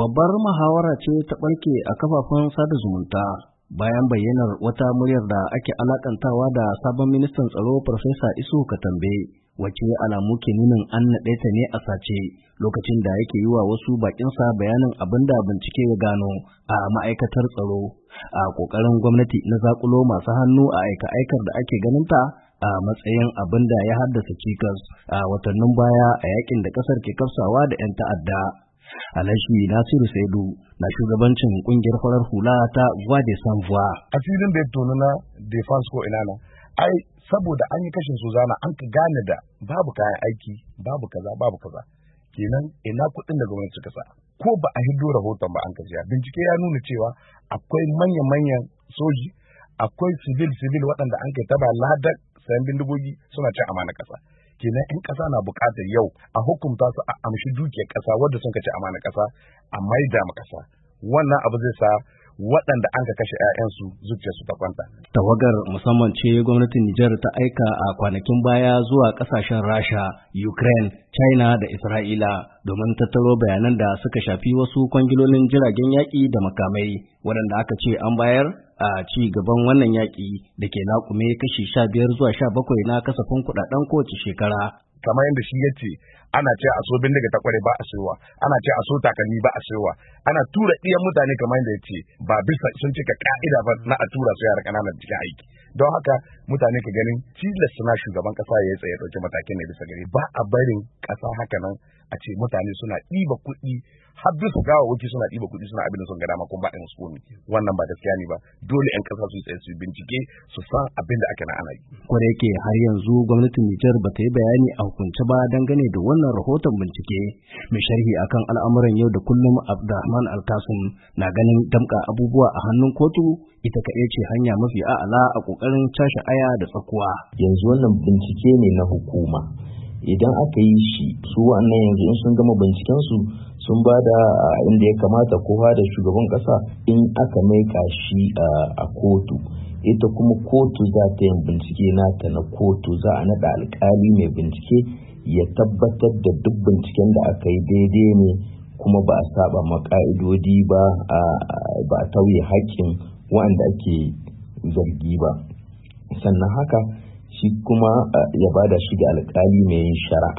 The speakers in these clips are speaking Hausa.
babbar muhawara ce ta ɓarke a kafafen sada zumunta bayan bayyanar wata muryar da ake alakantawa da sabon ministan tsaro farfesa iso ka katambe wace alamu ke nunin an naɗe ta ne a sace lokacin da yake yi wa wasu bakinsa bayanin abin da bincike ya gano a ma'aikatar tsaro a ƙoƙarin gwamnati na zakulo masu hannu a aika-aikar da ake ganinta a matsayin abin da ya haddasa cikas a watannin baya a yakin da ƙasar ke kafsawa da 'yan ta'adda alhaji Nasiru Saidu na shugabancin kungiyar farar hula ta Voix de San A filin da tono na Defense ko inana ai saboda an yi kashin Suzana an ka gane da babu kayan aiki, babu kaza, babu kaza. Kenan ina kuɗin da gwamnati suka sa. Ko ba a hiddo rahoton ba an ka Bincike ya nuna cewa akwai manya-manyan soji, akwai civil-civil waɗanda an kai taba ladar sayan bindigogi suna cin amana ƙasa. kenan in ƙasa na buƙatar yau a hukunta su a amshi dukiyar ƙasa wadda sun ci amana ƙasa a maida ma ƙasa wannan abu zai sa waɗanda an ka kashe 'ya'yansu zuciyarsu ta kwanta. Tawagar musamman ce gwamnatin Nijar ta aika a kwanakin baya zuwa ƙasashen Rasha, Ukraine, China da Isra'ila domin tattaro bayanan da suka shafi wasu kwangilolin jiragen yaƙi da makamai waɗanda aka ce an bayar a ci gaban wannan yaƙi da ke laƙume kashi sha biyar zuwa sha bakwai na kasafin kuɗaɗen kowace shekara kamar yadda shi yace ana ce a so bindiga ta ba a sayowa ana ce a so takalmi ba a sayowa ana tura iyan mutane kamar yadda yace ba bisa sun cika ka'ida ba na a tura su yara ƙananan cikin aiki don haka mutane ka ganin tilas suna shugaban kasa ya tsaye ɗauki matakin ne bisa gari ba a barin ƙasa haka nan a ce mutane suna ɗiba kuɗi har bisa gawawaki suna ɗiba kuɗi suna abin da sun gada ma kuma ba a musu komi wannan ba gaskiya ne ba dole ƴan kasa su tsaye su bincike su san abin da aka na ana yi. Kwarai yake har yanzu gwamnatin Nijar ba ta yi bayani a hukunci ba dangane da wannan rahoton bincike mai sharhi akan al'amuran yau da kullum Abdulrahman alkasun na ganin damka abubuwa a hannun kotu ita kaɗai ce hanya mafi a'ala a ƙoƙarin cashe aya da tsakuwa. Yanzu wannan bincike ne na hukuma. Idan aka yi shi su wannan yanzu in sun gama bincikensu sun ba da ah, inda ya kamata kowa da shugaban ƙasa in aka maika shi ah, a kotu. ita kuma kotu za ta yin bincike nata na kotu za a naɗa alkali mai bincike ya tabbatar da duk binciken da aka yi daidai ne kuma ba a saba maka'idodi ba ba a tauye haƙƙin waɗanda ake zargi ba sannan haka shi kuma ya bada shi ga alkali mai yin shari'a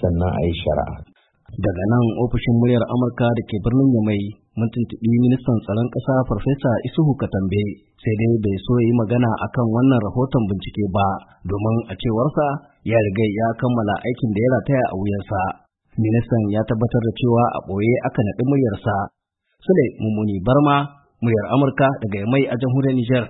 sannan a yi shari'a daga nan ofishin muryar amurka da ke birnin yamai mun tuntuɓi ministan tsaron ƙasa farfesa isuhu katambe sai dai bai so yi magana akan wannan rahoton bincike ba domin a cewarsa ya riga ya kammala aikin da ya rataya a wuyansa ministan ya tabbatar da cewa a ɓoye aka naɗi muryarsa sule mummuni barma muryar amurka daga yamai a jamhuriyar nijar